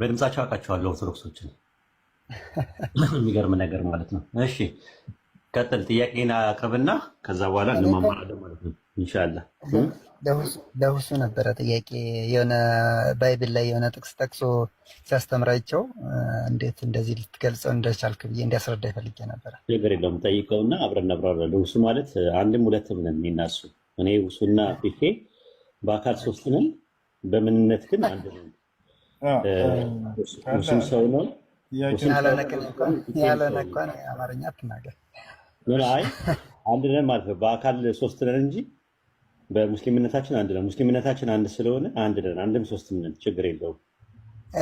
በድምጻቸው አውቃቸዋለሁ ኦርቶዶክሶችን። የሚገርም ነገር ማለት ነው። እሺ ቀጥል፣ ጥያቄን አቅርብና ከዛ በኋላ እንማማራለን ማለት ነው እንሻላ ለሁሱ ነበረ ጥያቄ የሆነ ባይብል ላይ የሆነ ጥቅስ ጠቅሶ ሲያስተምራቸው እንዴት እንደዚህ ልትገልጸው እንደቻልክ ብዬ እንዲያስረዳ ይፈልጌ ነበረ። ነገር የለውም ጠይቀውና አብረን ነብራለን። ሁሱ ማለት አንድም ሁለትም ነን እኔና እኔ ሁሱና ፊፌ በአካል ሶስት ነን፣ በምንነት ግን አንድ ነን። እሱም ሰው ነው። አማርኛ አትናገር። አይ አንድ ነን ማለት ነው። በአካል ሶስት ነን እንጂ በሙስሊምነታችን አንድ ሙስሊምነታችን አንድ ስለሆነ አንድ ነን። አንድም ነን። ችግር የለውም።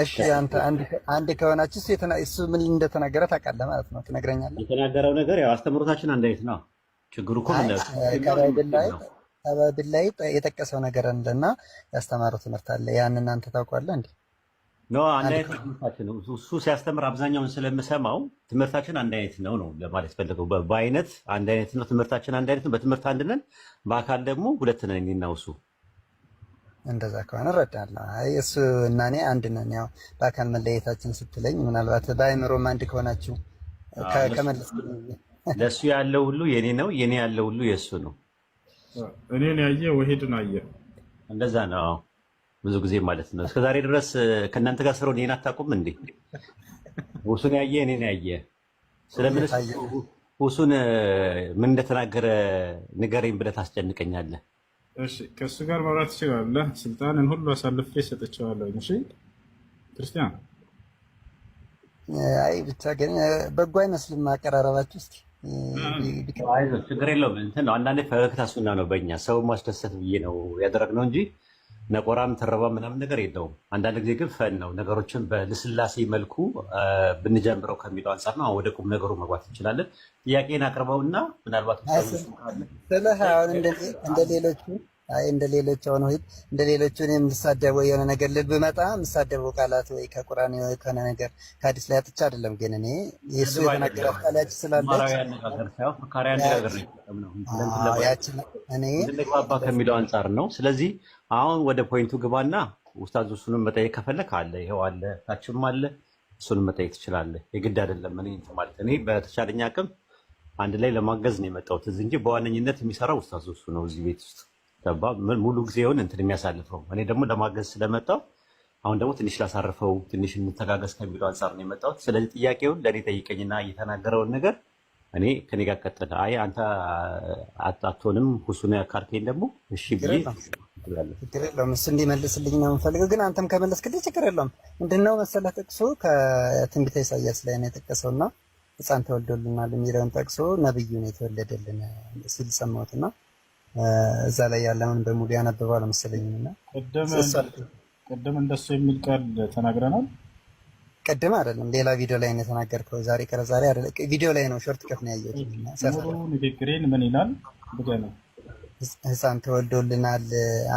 እሺ አንተ አንድ ከሆናችሁ እሱ ምን እንደተናገረ ታውቃለህ ማለት ነው። ትነግረኛለህ። የተናገረው ነገር ያው አስተምሮታችን አንድ አይነት ነው። ችግሩ እኮ ላይ የጠቀሰው ነገር አለና ያስተማረው ትምህርት አለ። እንዴ? ኖ አንድ አይነት ትምህርታችን እሱ ሲያስተምር አብዛኛውን ስለምሰማው ትምህርታችን አንድ አይነት ነው ነው ለማለት ፈለገው። በአይነት አንድ አይነት ነው ትምህርታችን አንድ አይነት ነው። በትምህርት አንድ ነን፣ በአካል ደግሞ ሁለት ነን። እኔና እሱ እንደዛ ከሆነ እረዳለሁ። አይ እሱ እና እኔ አንድ ነን። ያው በአካል መለየታችን ስትለኝ ምናልባት በአይምሮም አንድ ከሆናችሁ ከመለስ ለእሱ ያለው ሁሉ የኔ ነው፣ የኔ ያለው ሁሉ የእሱ ነው። እኔን ያየ ወሄድን አየ። እንደዛ ነው ብዙ ጊዜ ማለት ነው። እስከ ዛሬ ድረስ ከእናንተ ጋር ስረው ይህን አታውቁም እንዴ? ውሱን ያየ እኔን ያየ ስለምን ውሱን ምን እንደተናገረ ንገረኝ ብለህ ታስጨንቀኛለህ። ከእሱ ጋር ማውራት ትችላለህ። ስልጣንን ሁሉ አሳልፌ ሰጥቼዋለሁ። እሺ ክርስቲያን፣ አይ ብቻ ግን በጎ አይመስልም አቀራረባችሁ። እስኪ ችግር የለውም። እንትን ነው አንዳንዴ ፈገግታ ሱና ነው በእኛ ሰው ማስደሰት ብዬ ነው ያደረግነው እንጂ ነቆራም ተረባ ምናምን ነገር የለውም። አንዳንድ ጊዜ ግን ፈን ነው። ነገሮችን በልስላሴ መልኩ ብንጀምረው ከሚለው አንጻር ነው። ወደ ቁም ነገሩ መግባት እንችላለን። ጥያቄን አቅርበውና ምናልባት ስለ አሁን እንደ ሌሎቹ አይ እንደ ሌሎች አሁን ወይ እንደ ሌሎቹ እኔ የምሳደበው የሆነ ነገር ልብ መጣ የምሳደበው ቃላት ወይ ከቁርአን የሆነ ነገር ከአዲስ ላይ አጥቻ አይደለም። ግን እኔ የሱ የተናገራት ቃላች ስላለች እኔ ልግባባ ከሚለው አንጻር ነው። ስለዚህ አሁን ወደ ፖይንቱ ግባና ውስታዝ እሱንም መጠየቅ ከፈለክ አለ፣ ይኸው አለ፣ ታችም አለ። እሱንም መጠየቅ ትችላለህ። የግድ አይደለም እኔ እንትን ማለት እኔ በተቻለኝ አቅም አንድ ላይ ለማገዝ ነው የመጣሁት እዚህ እንጂ በዋነኝነት የሚሰራው ውስታዝ እሱ ነው እዚህ ቤት ውስጥ ሙሉ ጊዜውን እንትን የሚያሳልፈው እኔ ደግሞ ለማገዝ ስለመጣው አሁን ደግሞ ትንሽ ላሳርፈው ትንሽ እንተጋገዝ ከሚለው አንጻር ነው የመጣሁት። ስለዚህ ጥያቄውን ለእኔ ጠይቀኝና እየተናገረውን ነገር እኔ ከኔ ጋር ቀጥል። አይ አንተ አቶንም ሁሱን ካርቴን ደግሞ እሺ ብዬ ችግር የለውም እሱ እንዲመልስልኝ ነው የምፈልገው። ግን አንተም ከመለስክልኝ ችግር የለውም። ምንድነው መሰለህ ጥቅሱ ከትንቢተ ኢሳያስ ላይ ነው የጠቀሰው የጠቀሰውና ህፃን ተወልዶልናል የሚለውን ጠቅሶ ነብዩ ነው የተወለደልን ሲል ሰማሁትና እዛ ላይ ያለውን በሙሉ ያነበባል መሰለኝም እና ቅድም እንደሱ የሚል ቃል ተናግረናል። ቅድም አይደለም ሌላ ቪዲዮ ላይ ነው የተናገርከው። ዛሬ ቀረ ዛሬ አይደለ፣ ቪዲዮ ላይ ነው ሾርት ከፍ ነው ያየሁት። ንግግሬን ምን ይላል ነው ህፃን ተወልዶልናል፣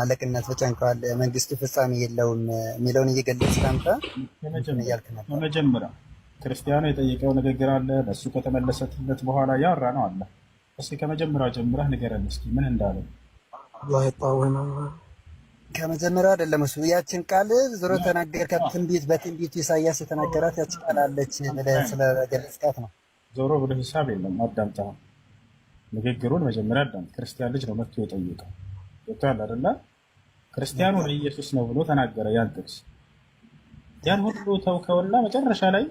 አለቅነት ተጨንቀዋል፣ መንግስቱ ፍጻሜ የለውም የሚለውን እየገለጽ ስላምጣ እያልክ ነበር። በመጀመሪያ ክርስቲያኑ የጠየቀው ንግግር አለ። ለእሱ ከተመለሰትለት በኋላ ያራ ነው አለ እስኪ ከመጀመሪያው ጀምረህ ንገረን እስኪ ምን እንዳለ። ከመጀመሪያ አይደለም እሱ ያችን ቃል ዞሮ ተናገርካት። ትንቢት በትንቢቱ ኢሳያስ የተናገራት ያችን ቃል አለች ብለህ ስለገለጽካት ነው። ዞሮ ብሎ ሂሳብ የለም። አዳምጣ ንግግሩን መጀመሪያ አዳም ክርስቲያን ልጅ ነው መጥቶ የጠየቀው ወጥቷል አይደለ? ክርስቲያኑ ኢየሱስ ነው ብሎ ተናገረ። ያን ጥቅስ ያን ሁሉ ተውከውና መጨረሻ ላይ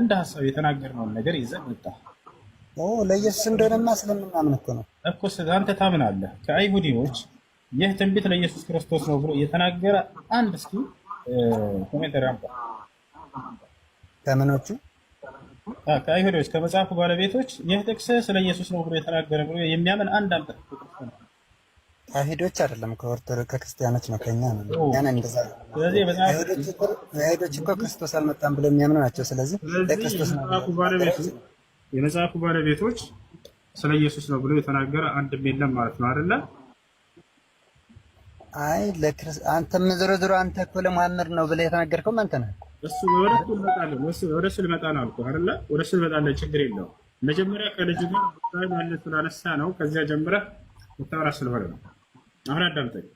እንደ ሀሳብ የተናገርነውን ነገር ይዘህ መጣህ። ለኢየሱስ እንደሆነማ ስለምናምን እኮ ነው እኮ አንተ ታምናለህ። ከአይሁዲዎች ይህ ትንቢት ለኢየሱስ ክርስቶስ ነው ብሎ የተናገረ አንድ እስኪ ኮሜንተሪ አምጣ። ከምኖቹ ከአይሁዲዎች ከመጽሐፉ ባለቤቶች ይህ ጥቅስ ስለ ኢየሱስ ነው ብሎ የተናገረ ብሎ የሚያምን አንድ አምጣ። አይሁዶች አይደለም ከኦርቶዶክስ ከክርስቲያኖች ነው፣ ከኛ ነው። ያን እንደዛ ስለዚህ በዛ አይሁዶች እኮ ክርስቶስ አልመጣም ብለው የሚያምኑ ናቸው። ስለዚህ ለክርስቶስ ነው ባለቤቶች የመጽሐፉ ባለቤቶች ስለ ኢየሱስ ነው ብሎ የተናገረ አንድም የለም ማለት ነው አይደለ? አይ ለክርስቶስ አንተም ዝሮ አንተ እኮ ለመሐመድ ነው ብለህ የተናገርከው አንተ ነህ። እሱ ወደሱ ልመጣለን ወደሱ ልመጣ ነው አልኩ አይደለ? ወደሱ ልመጣለን ችግር የለው። መጀመሪያ ከልጅ ጋር ጉዳይ ያለ ስላነሳ ነው። ከዚያ ጀምረህ ልታወራ ስለሆነ ነው። አሁን አዳምጠኝ።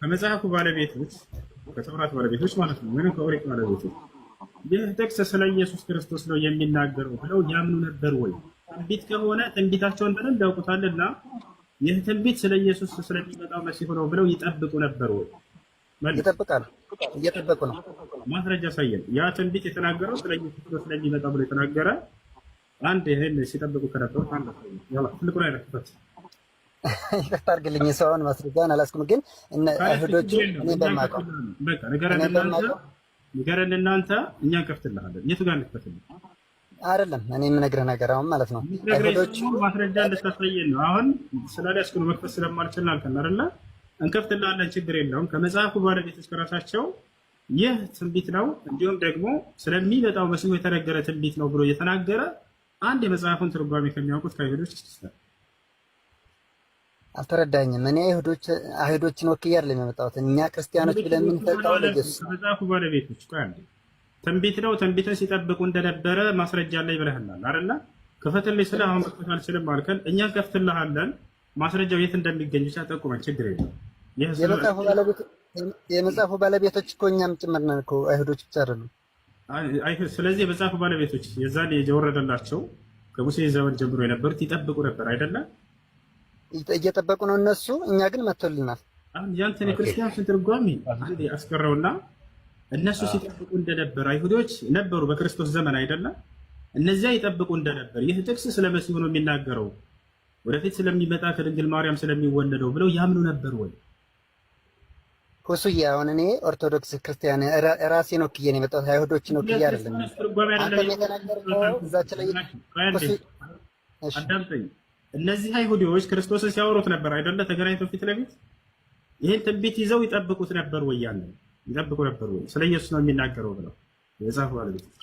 ከመጽሐፉ ባለቤቶች ከተውራት ባለቤቶች ማለት ነው ወይም ከኦሪት ባለቤቶች ይህ ጥቅስ ስለ ኢየሱስ ክርስቶስ ነው የሚናገረው ብለው ያምኑ ነበር ወይ? ትንቢት ከሆነ ትንቢታቸውን በደንብ ያውቁታልና ይህ ትንቢት ስለ ኢየሱስ ስለሚመጣው መሲሁ ነው ብለው ይጠብቁ ነበር ወይ? ይጠብቃል፣ እየጠበቁ ነው። ማስረጃ ሳየን ያ ትንቢት የተናገረው ስለ ኢየሱስ ክርስቶስ ስለሚመጣው ብሎ የተናገረ አንድ ይህን ሲጠብቁ ከነበሩ ትልቁ ላይ ነክበት ይቅርታ አድርግልኝ። ሰውን ማስረጃን አላስኩም፣ ግን እነ እህዶቹ እኔ በማቀው በቃ ነገር በማውቀው ንገረን እናንተ እኛ እንከፍትልሃለን። የቱ ጋር እንከፍትልህ አይደለም። እኔ የምነግርህ ነገር አሁን ማለት ነው ማስረጃ እንድታሳየን ነው። አሁን ስላልያዝኩ ነው መክፈት ስለማልችል አልከን አይደለ? እንከፍትልሃለን፣ ችግር የለውም። ከመጽሐፉ ባለቤቶች ከራሳቸው ይህ ትንቢት ነው እንዲሁም ደግሞ ስለሚመጣው መሲሁ የተነገረ ትንቢት ነው ብሎ እየተናገረ አንድ የመጽሐፉን ትርጓሜ ከሚያውቁት ከአይሁዶች ይስታል አልተረዳኝም። እኔ አይሁዶችን ወክዬ አይደለም የመጣሁት። እኛ ክርስቲያኖች ብለን የምንፈጣው ኢየሱስ መጽሐፉ ባለቤቶች ትንቢት ነው። ትንቢትን ሲጠብቁ እንደነበረ ማስረጃ ላይ ብለህናል አይደለ? ክፈትልኝ ስለ አሁን መክፈት አልችልም አልከን። እኛ ከፍትልሃለን። ማስረጃው የት እንደሚገኝ ብቻ ጠቁመን፣ ችግር የለም። የመጽሐፉ ባለቤቶች እኮ እኛም ጭምር ነን እኮ አይሁዶች ብቻ አይደሉም። ስለዚህ የመጽሐፉ ባለቤቶች የዛን የወረደላቸው ከሙሴ ዘመን ጀምሮ የነበሩት ይጠብቁ ነበር አይደለም? እየጠበቁ ነው እነሱ። እኛ ግን መጥቶልናል። አሁን ያንተን የክርስቲያን ትርጓሜ አስቀረውና እነሱ ሲጠብቁ እንደነበር አይሁዶች ነበሩ በክርስቶስ ዘመን አይደለም። እነዚያ ይጠብቁ እንደነበር ይህ ጥቅስ ስለ መሲሁ ነው የሚናገረው። ወደፊት ስለሚመጣ ከድንግል ማርያም ስለሚወለደው ብለው ያምኑ ነበር ወይ? ሁሱዬ አሁን እኔ ኦርቶዶክስ ክርስቲያን ራሴን ወክዬ ነው የመጣሁት፣ አይሁዶችን ወክዬ አይደለም። አንተም የተናገርከው እዛች ላይ እነዚህ አይሁዲዎች ክርስቶስን ሲያወሩት ነበር አይደለ? ተገናኝተው ፊት ለፊት ይህን ትንቢት ይዘው ይጠብቁት ነበር ወይ ያለ ይጠብቁ ነበር ወይ ስለ ኢየሱስ ነው የሚናገረው ብለው የመጽሐፉ ባለቤቶች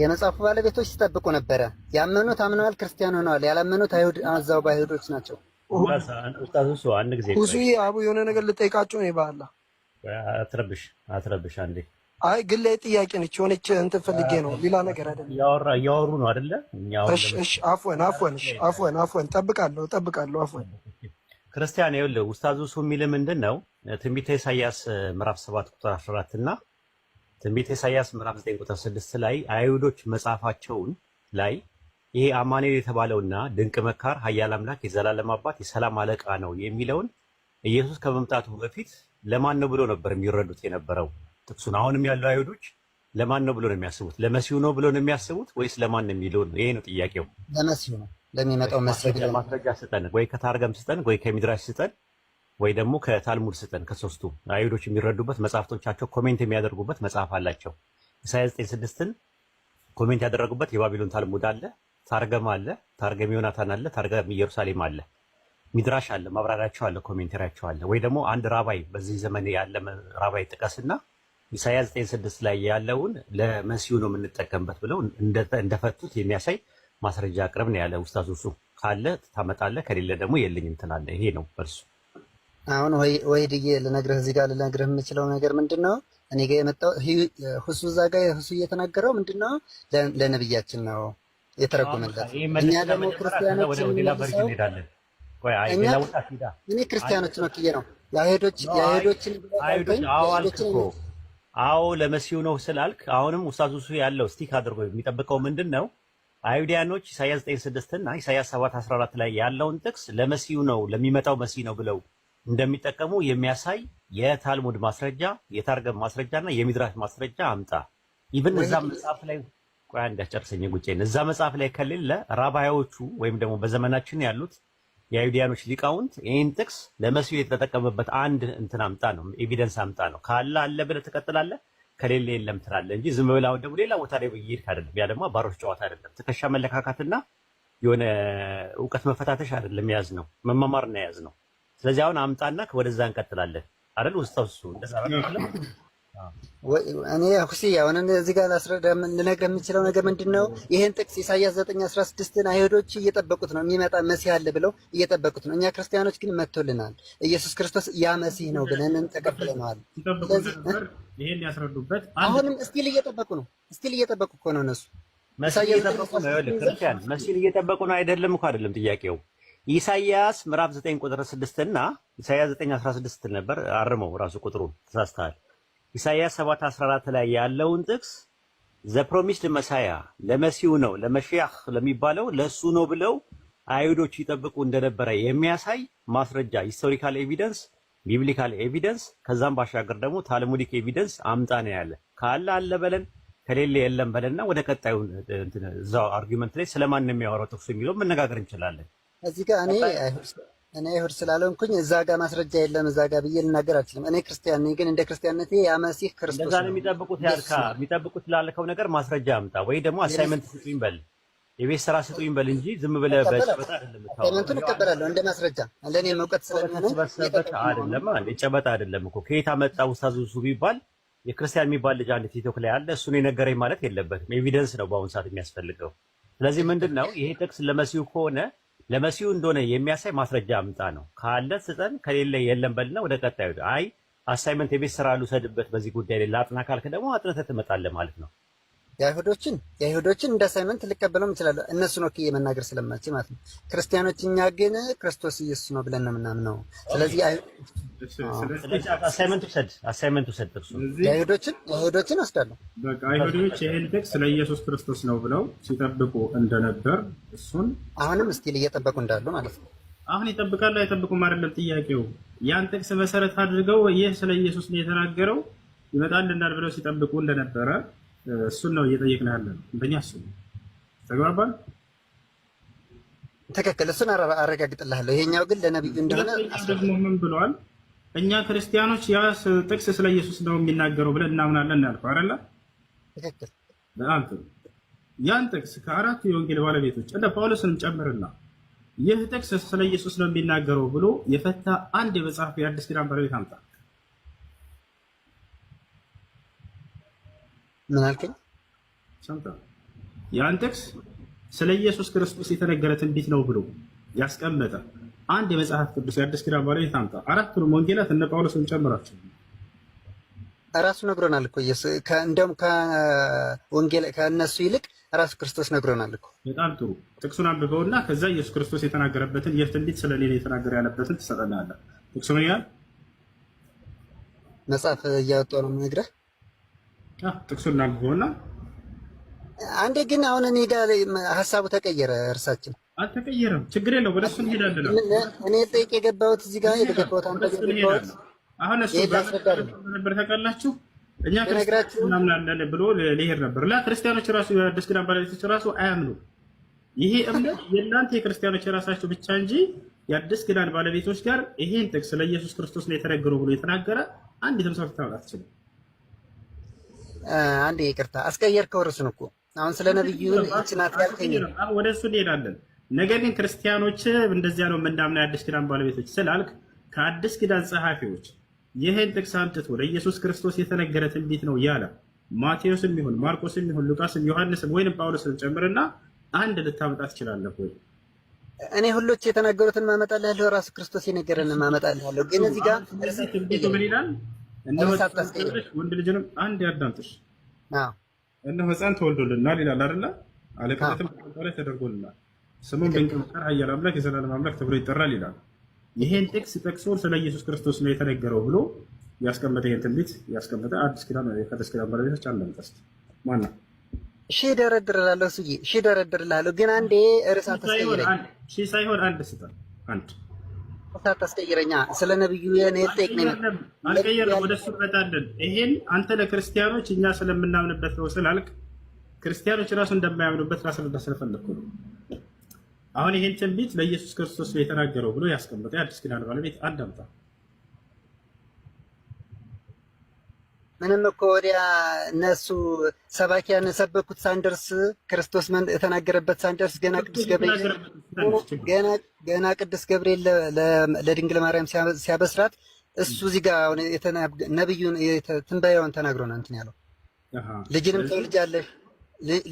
የመጽሐፉ ባለቤቶች ሲጠብቁ ነበረ። ያመኑት አምነዋል፣ ክርስቲያን ሆነዋል። ያላመኑት አይሁድ አዛው አይሁዶች ናቸው። አንድ ጊዜ ብዙ አቡ የሆነ ነገር ልጠይቃቸው ነው። ይባላ አትረብሽ፣ አትረብሽ አንዴ አይ ግን ላይ ጥያቄ ነች የሆነች እንትን ፈልጌ ነው፣ ሌላ ነገር አይደለም። ያወራ እያወሩ ነው አይደለ? እሺ እሺ፣ አፍወን አፍወን፣ እሺ አፍወን አፍወን፣ ጠብቃለሁ ጠብቃለሁ። አፍወን ክርስቲያን፣ ይኸውልህ ኡስታዙ እሱ የሚልህ ምንድን ነው? ትንቢተ ኢሳያስ ምዕራፍ 7 ቁጥር 14 እና ትንቢተ ኢሳያስ ምዕራፍ 9 ቁጥር 6 ላይ አይሁዶች መጽሐፋቸውን ላይ ይሄ አማኑኤል የተባለውና ድንቅ መካር፣ ኃያል አምላክ፣ የዘላለም አባት፣ የሰላም አለቃ ነው የሚለውን ኢየሱስ ከመምጣቱ በፊት ለማን ነው ብሎ ነበር የሚረዱት የነበረው ጥቅሱን አሁንም ያሉ አይሁዶች ለማን ነው ብሎ ነው የሚያስቡት? ለመሲሁ ነው ብሎ ነው የሚያስቡት ወይስ ለማን ነው የሚለው ነው? ይሄ ነው ጥያቄው። ለመሲሁ ነው ለሚመጣው ማስረጃ ስጠን፣ ወይ ከታርገም ስጠን፣ ወይ ከሚድራሽ ስጠን፣ ወይ ደግሞ ከታልሙድ ስጠን። ከሶስቱ አይሁዶች የሚረዱበት መጽሐፍቶቻቸው ኮሜንት የሚያደርጉበት መጽሐፍ አላቸው። ኢሳያስ ዘጠኝ ስድስትን ኮሜንት ያደረጉበት የባቢሎን ታልሙድ አለ፣ ታርገም አለ፣ ታርገም ዮናታን አለ፣ ታርገም ኢየሩሳሌም አለ፣ ሚድራሽ አለ፣ ማብራሪያቸው አለ፣ ኮሜንተሪያቸው አለ። ወይ ደግሞ አንድ ራባይ በዚህ ዘመን ያለ ራባይ ጥቀስና ኢሳያስ 96 ላይ ያለውን ለመሲሁ ነው የምንጠቀምበት ብለው እንደፈቱት የሚያሳይ ማስረጃ አቅርብ ነው ያለ ኡስታዝ። እሱ ካለ ታመጣለህ፣ ከሌለ ደግሞ የለኝም ትላለህ። ይሄ ነው እርሱ። አሁን ወይ ድዬ ልነግርህ እዚህ ጋር ልነግርህ የምችለው ነገር ምንድን ነው? እኔ ጋ የመጣው ሁሱ እዛ ጋ ሁሱ እየተናገረው ምንድን ነው? ለነብያችን ነው የተረጎመለት። እኛ ደግሞ ክርስቲያኖች እኔ ክርስቲያኖች መክዬ ነው የአይሁዶችን አዎ ለመሲሁ ነው ስላልክ አሁንም ኡስታዝ ሱ ያለው ስቲክ አድርጎ የሚጠብቀው ምንድን ነው? አይሁዳያኖች ኢሳያስ 9:6 እና ኢሳያስ 7:14 ላይ ያለውን ጥቅስ ለመሲሁ ነው ለሚመጣው መሲህ ነው ብለው እንደሚጠቀሙ የሚያሳይ የታልሙድ ማስረጃ፣ የታርገም ማስረጃ እና የሚድራሽ ማስረጃ አምጣ። ይብን እዛ መጽሐፍ ላይ ቆይ እንዳስጨርሰኝ ጉጬን እዛ መጽሐፍ ላይ ከሌለ ራባዮቹ ወይም ደግሞ በዘመናችን ያሉት የአይሁዲያኖች ሊቃውንት ይህን ጥቅስ ለመሲሁ የተጠቀመበት አንድ እንትን አምጣ ነው ኤቪደንስ አምጣ ነው። ካለ አለ ብለህ ትቀጥላለህ፣ ከሌለ የለም ትላለህ እንጂ ዝም ብለህ አሁን ደግሞ ሌላ ቦታ ላይ እየሄድክ አይደለም። ያ ደግሞ አባሮች ጨዋታ አይደለም። ትከሻ መለካካትና የሆነ እውቀት መፈታተሽ አይደለም። ያዝ ነው መማማርና ያዝ ነው። ስለዚህ አሁን አምጣና ወደዛ እንቀጥላለን አይደል ውስጥ ውስጡ እንደዛ እኔ ሁሲ አሁን እዚህ ጋር ላስረዳ ልነግርህ የምችለው ነገር ምንድን ነው? ይህን ጥቅስ ኢሳያስ ዘጠኝ አስራ ስድስትን አይሁዶች እየጠበቁት ነው፣ የሚመጣ መሲህ አለ ብለው እየጠበቁት ነው። እኛ ክርስቲያኖች ግን መጥቶልናል። ኢየሱስ ክርስቶስ ያ መሲህ ነው ብለንን ተቀብለነዋል። ይህን ያስረዱበት አሁንም እስቲል እየጠበቁ ነው። እስቲል እየጠበቁ እኮ ነው እነሱ እየጠበቁ ነው። ክርስቲያን መሲህ እየጠበቁ ነው አይደለም እኮ አይደለም ጥያቄው ኢሳይያስ ምዕራፍ ዘጠኝ ቁጥር ስድስትና ኢሳያስ ዘጠኝ አስራ ስድስት ነበር። አርመው ራሱ ቁጥሩን ተሳስተሃል። ኢሳይያስ 7 14 ላይ ያለውን ጥቅስ ዘ ፕሮሚስድ መሳያ ለመሲሁ ነው ለመሽያህ ለሚባለው ለሱ ነው ብለው አይሁዶች ይጠብቁ እንደነበረ የሚያሳይ ማስረጃ ሂስቶሪካል ኤቪደንስ ቢብሊካል ኤቪደንስ ከዛም ባሻገር ደግሞ ታልሙዲክ ኤቪደንስ አምጣ ነው ያለ። ካለ አለ በለን ከሌለ የለም በለንና ወደ ቀጣዩ እዛው አርጊመንት ላይ ስለማን ነው የሚያወራው ጥቅሱ የሚለው መነጋገር እንችላለን። እዚህ ጋር እኔ እኔ አይሁድ ስላልሆንኩኝ እዛ ጋር ማስረጃ የለም እዛ ጋር ብዬ ልናገር አልችልም። እኔ ክርስቲያን ነኝ፣ ግን እንደ ክርስቲያንነቴ የመሲህ ክርስቶስ ነው የሚጠብቁት። ያልካ የሚጠብቁት ላልከው ነገር ማስረጃ አምጣ፣ ወይ ደግሞ አሳይመንት ስጡኝ በል፣ የቤት ስራ ስጡኝ በል እንጂ ዝም ብለህ በጨበጣ እቀበላለሁ እንደ ማስረጃ፣ ለእኔ መውቀት ስለሚሆነበት አይደለም። ጨበጣ አይደለም እኮ ከየት አመጣ ውስታዝ ዙ ቢባል የክርስቲያን የሚባል ልጅ አንድ ቲክቶክ ላይ አለ፣ እሱን የነገረኝ ማለት የለበትም። ኤቪደንስ ነው በአሁኑ ሰዓት የሚያስፈልገው። ስለዚህ ምንድን ነው ይሄ ጥቅስ ለመሲሁ ከሆነ ለመሲሁ እንደሆነ የሚያሳይ ማስረጃ አምጣ ነው። ካለ ስጠን፣ ከሌለ የለም በልና ወደ ቀጣዩ አይ አሳይመንት የቤት ስራ ልውሰድበት በዚህ ጉዳይ ላይ ላጥና ካልክ ደግሞ አጥነተ ትመጣለህ ማለት ነው። የአይሁዶችን የአይሁዶችን እንደ ሳይመንት ልቀበለው እችላለሁ እነሱን ወክዬ መናገር ስለማች ማለት ነው። ክርስቲያኖች እኛ ግን ክርስቶስ ኢየሱስ ነው ብለን ነው የምናምነው። ስለዚህ አሳይመንት ውሰድ። የአይሁዶችን ወስዳለሁ። አይሁዶች ይህን ጥቅስ ስለ ኢየሱስ ክርስቶስ ነው ብለው ሲጠብቁ እንደነበር እሱን አሁንም ስቲል እየጠበቁ እንዳሉ ማለት ነው። አሁን ይጠብቃሉ አይጠብቁም አይደለም ጥያቄው። ያን ጥቅስ መሰረት አድርገው ይህ ስለ ኢየሱስ ነው የተናገረው ይመጣልናል ብለው ሲጠብቁ እንደነበረ እሱን ነው እየጠየቅን ያለ ነው። እንደኛ እሱ ተግባባል። ትክክል። እሱን አረጋግጥልሃለሁ። ይሄኛው ግን ለነቢዩ እንደሆነ ደግሞ ምን ብለዋል? እኛ ክርስቲያኖች ያ ጥቅስ ስለ ኢየሱስ ነው የሚናገረው ብለን እናምናለን ያልኩ አይደለ? ትክክል። ያን ጥቅስ ከአራቱ የወንጌል ባለቤቶች እንደ ጳውሎስንም ጨምርና ይህ ጥቅስ ስለ ኢየሱስ ነው የሚናገረው ብሎ የፈታ አንድ የመጽሐፍ የአዲስ ኪዳን ባለቤት አምጣ። ምን አልከኝ? ያን ጥቅስ ስለ ኢየሱስ ክርስቶስ የተነገረ ትንቢት ነው ብሎ ያስቀመጠ አንድ የመጽሐፍ ቅዱስ የአዲስ ኪዳን ባለ ታምጣ። አራቱንም ወንጌላት እነ ጳውሎስን ጨምራቸው ራሱ ነግሮናል እኮ እንደውም ከወንጌል ከእነሱ ይልቅ ራሱ ክርስቶስ ነግሮናል እኮ። በጣም ጥሩ ጥቅሱን አንብበውና ከዛ ኢየሱስ ክርስቶስ የተናገረበትን የትንቢት ስለሌላ የተናገረ ያለበትን ትሰጠናለህ። ጥቅሱ ምን ይላል? መጽሐፍ እያወጣሁ ነው የምነግርህ ጥቅሱን ላንብበውና አንዴ ግን አሁን እኔ ጋር ሀሳቡ ተቀየረ። እርሳችን አልተቀየረም፣ ችግር የለው። ወደሱ እንሄዳለን። እኔ ጠይቅ የገባሁት እዚህ ጋር የገባሁት አንተ አሁን እሱ ነበር ታውቃላችሁ፣ እኛ ክርስቲያኖች እናምናለን ብሎ ሊሄድ ነበር። ላ ክርስቲያኖች ራሱ የአዲስ ኪዳን ባለቤቶች ራሱ አያምኑ። ይሄ እምነት የእናንተ የክርስቲያኖች የራሳችሁ ብቻ እንጂ የአዲስ ኪዳን ባለቤቶች ጋር ይሄን ጥቅስ ስለ ኢየሱስ ክርስቶስ ነው የተነገረው ብሎ የተናገረ አንድ የተመሳሰተ አላት ችላል አንድ ይቅርታ አስቀየርከው ርዕሱን እኮ አሁን ስለ ነብዩ እችናት ያልከኝ ወደ እሱ እንሄዳለን። ነገር ግን ክርስቲያኖች እንደዚያ ነው የምናምነው የአዲስ ኪዳን ባለቤቶች ስላልክ ከአዲስ ኪዳን ጸሐፊዎች ይህን ጥቅስ አምጥቶ ለኢየሱስ ክርስቶስ የተነገረ ትንቢት ነው ያለ ማቴዎስም ይሁን ማርቆስም ይሁን ሉቃስም ዮሐንስም ወይም ጳውሎስም ጨምርና አንድ ልታመጣ ትችላለህ ወይ? እኔ ሁሎች የተናገሩትን ማመጣልህ ራሱ ክርስቶስ የነገረን ማመጣልህ ግን እዚህ ጋር ትንቢቱ ምን ይላል? ወንድ ልጅንም አንድ ያዳምጥሽ። እነሆ ህፃን ተወልዶልናል ይላል አይደለ? ላይ ተደርጎልናል። ስሙም ድንቅ መካር፣ ኃያል አምላክ፣ የዘላለም አምላክ ተብሎ ይጠራል ይላል። ይሄን ጥቅስ ጠቅሶ ስለ ኢየሱስ ክርስቶስ ነው የተነገረው ብሎ ያስቀመጠ ይህን ትንቢት ያስቀመጠ አዲስ ኪዳን ኪዳን ባለቤቶች ማን ነው? ሺ ሺ ግን አንዴ ርሳ ሺ ሳይሆን አንድ ስጠን አንድ ታስቀይረኛ ስለ ነብዩ የኔ ጤቅ ነኝ ነው። ወደ እሱ እንመጣለን። ይሄን አንተ ለክርስቲያኖች እኛ ስለምናምንበት ነው ስላልክ ክርስቲያኖች ራሱ እንደማያምኑበት ራስረዳ ስለፈለግኩ ነው። አሁን ይሄን ትንቢት ለኢየሱስ ክርስቶስ የተናገረው ብሎ ያስቀምጠ የአዲስ ኪዳን ባለቤት አዳምጣ አሁንም እኮ ወዲያ እነሱ ሰባኪያን የሰበኩት ሳንደርስ ክርስቶስ የተናገረበት ሳንደርስ ገና ቅዱስ ገብርኤል ገና ቅዱስ ገብርኤል ለድንግል ማርያም ሲያበስራት እሱ እዚህ ጋር ነብዩን ትንበያውን ተናግሮ ነው እንትን ያለው ልጅንም ተወልጃለሽ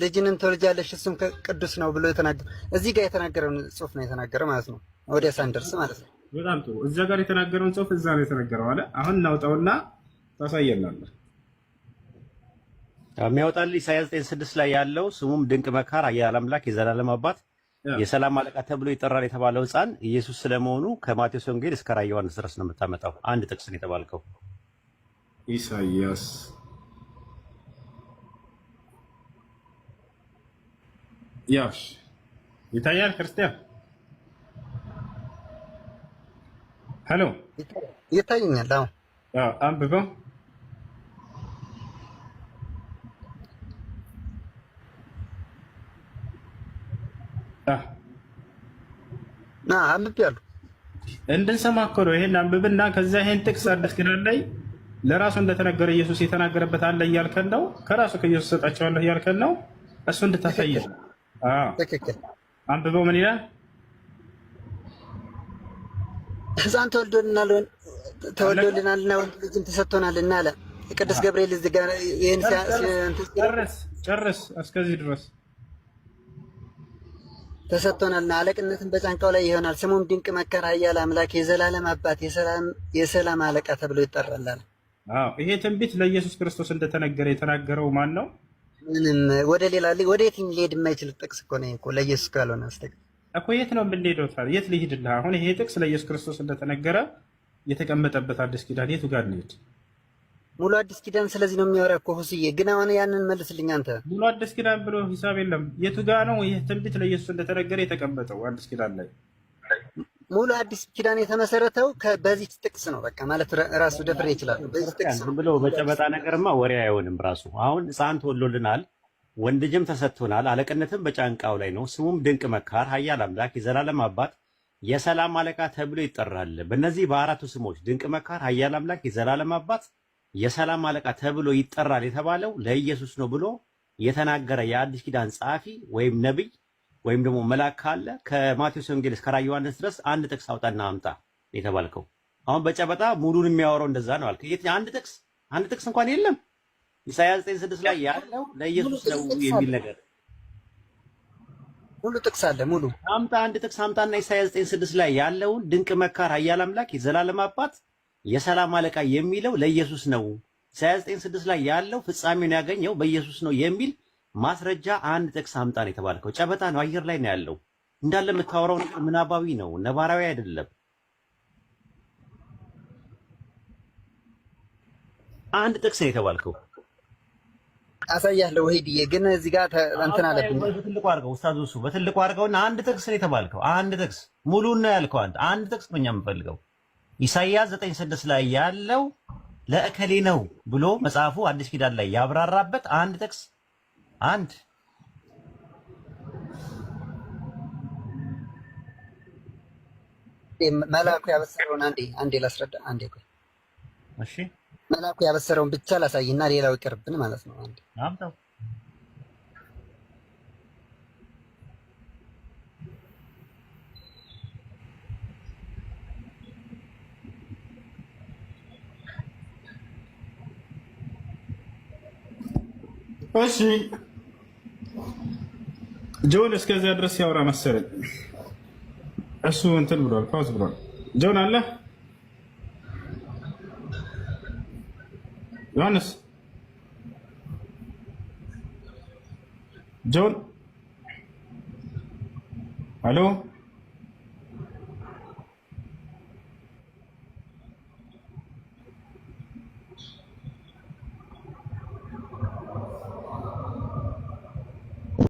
ልጅንም ተወልጃለሽ እሱም ቅዱስ ነው ብሎ የተናገረ እዚህ ጋር የተናገረውን ጽሑፍ ነው የተናገረ ማለት ነው። ወዲያ ሳንደርስ ማለት ነው። በጣም ጥሩ። እዛ ጋር የተናገረውን ጽሑፍ እዛ ነው የተናገረው አለ። አሁን እናውጣውና ታሳየናለህ። የሚያወጣል ኢሳያስ 9:6 ላይ ያለው ስሙም ድንቅ መካር፣ ኃያል አምላክ፣ የዘላለም አባት፣ የሰላም አለቃ ተብሎ ይጠራል የተባለው ሕፃን ኢየሱስ ስለመሆኑ ከማቴዎስ ወንጌል እስከ ራዕየ ዮሐንስ ድረስ ነው የምታመጣው። አንድ ጥቅስን የተባልከው። ኢሳያስ ያሽ ይታያል። ክርስቲያን ሄሎ፣ ይታየኛል። አዎ አንብበው ና አንብብ ያሉ እንድንሰማ እኮ ነው። ይሄን አንብብና ከዛ ይሄን ጥቅስ አዲስ ኪዳን ላይ ለራሱ እንደተነገረ ኢየሱስ የተናገረበት አለ እያልከን ነው። ከራሱ ከኢየሱስ ሰጣቸዋለሁ እያልከን ነው። እሱ እንድታሳየን አንብበው። ምን ይላል? ሕፃን ተወልዶልናልና ወንድ ልጅም ተሰጥቶናልና አለ ቅዱስ ገብርኤል። ጨርስ ጨርስ፣ እስከዚህ ድረስ ተሰጥቶናል ና አለቅነትን በጫንቃው ላይ ይሆናል። ስሙም ድንቅ መከራ ኃያል አምላክ፣ የዘላለም አባት፣ የሰላም አለቃ ተብሎ ይጠራላል። ይሄ ትንቢት ለኢየሱስ ክርስቶስ እንደተነገረ የተናገረው ማን ነው? ምንም ወደ ሌላ ወደ የትም ሊሄድ የማይችል ጥቅስ እኮ ነው እኮ ለኢየሱስ ካልሆነ አስተግል እኮ የት ነው የምንሄደው? ታዲያ የት ልሂድልህ? አሁን ይሄ ጥቅስ ለኢየሱስ ክርስቶስ እንደተነገረ የተቀመጠበት አዲስ ኪዳን የቱ ጋር እንሄድ? ሙሉ አዲስ ኪዳን ስለዚህ ነው የሚያወራ እኮ ሁስዬ። ግን አሁን ያንን መልስልኝ አንተ። ሙሉ አዲስ ኪዳን ብሎ ሂሳብ የለም። የቱ ጋ ነው ይህ ትንቢት ለኢየሱስ እንደተነገረ የተቀመጠው? አዲስ ኪዳን ላይ ሙሉ አዲስ ኪዳን የተመሰረተው በዚህ ጥቅስ ነው። በቃ ማለት ራሱ ደፍሬ ይችላል። በዚህ ጥቅስ ነው ብሎ በጨበጣ ነገርማ ወሬ አይሆንም። ራሱ አሁን ሕፃን ተወልዶልናል፣ ወንድ ልጅም ተሰጥቶናል፣ አለቅነትም በጫንቃው ላይ ነው፣ ስሙም ድንቅ መካር፣ ኃያል አምላክ፣ የዘላለም አባት የሰላም አለቃ ተብሎ ይጠራል። በእነዚህ በአራቱ ስሞች ድንቅ መካር፣ ኃያል አምላክ፣ የዘላለም አባት የሰላም አለቃ ተብሎ ይጠራል የተባለው ለኢየሱስ ነው ብሎ የተናገረ የአዲስ ኪዳን ጸሐፊ ወይም ነቢይ ወይም ደግሞ መልአክ ካለ ከማቴዎስ ወንጌል እስከ ራዕየ ዮሐንስ ድረስ አንድ ጥቅስ አውጣና አምጣ የተባልከው አሁን በጨበጣ ሙሉን የሚያወራው እንደዛ ነው አልክ። አንድ ጥቅስ አንድ ጥቅስ እንኳን የለም። ኢሳያስ 9:6 ላይ ያለው ለኢየሱስ ነው የሚል ነገር ሙሉ ጥቅስ አለ። ሙሉ አምጣ፣ አንድ ጥቅስ አምጣና ኢሳያስ 9:6 ላይ ያለውን ድንቅ መካር፣ ኃያል አምላክ፣ የዘላለም አባት የሰላም አለቃ የሚለው ለኢየሱስ ነው። 96 ላይ ያለው ፍጻሜውን ያገኘው በኢየሱስ ነው የሚል ማስረጃ አንድ ጥቅስ አምጣ ነው የተባልከው። ጨበጣ ነው፣ አየር ላይ ነው ያለው። እንዳለ የምታወራው ነገር ምናባዊ ነው፣ ነባራዊ አይደለም። አንድ ጥቅስ ነው የተባልከው። አሳያለሁ ወይ ወሂድዬ፣ ግን እዚህ ጋር እንትን አለብኝ። በትልቁ አድርገው ኡስታዝ እሱ በትልቁ አድርገውና አንድ ጥቅስ ነው የተባልከው። አንድ ጥቅስ ሙሉን ነው ያልከው። አንድ ጥቅስ ነው እኛ የምፈልገው ኢሳይያስ 96 ላይ ያለው ለእከሌ ነው ብሎ መጽሐፉ አዲስ ኪዳን ላይ ያብራራበት አንድ ጥቅስ አንድ መላኩ ያበሰረውን አንዴ አንዴ ላስረዳ። አንዴ ቆይ፣ እሺ። መላኩ ያበሰረውን ብቻ ላሳይና ሌላው ይቀርብን ማለት ነው። አንዴ እሺ ጆን እስከዚያ ድረስ ያውራ መሰለኝ። እሱ እንትን ብሏል፣ ፓውዝ ብሏል። ጆን አለ ዮሐንስ ጆን አሎ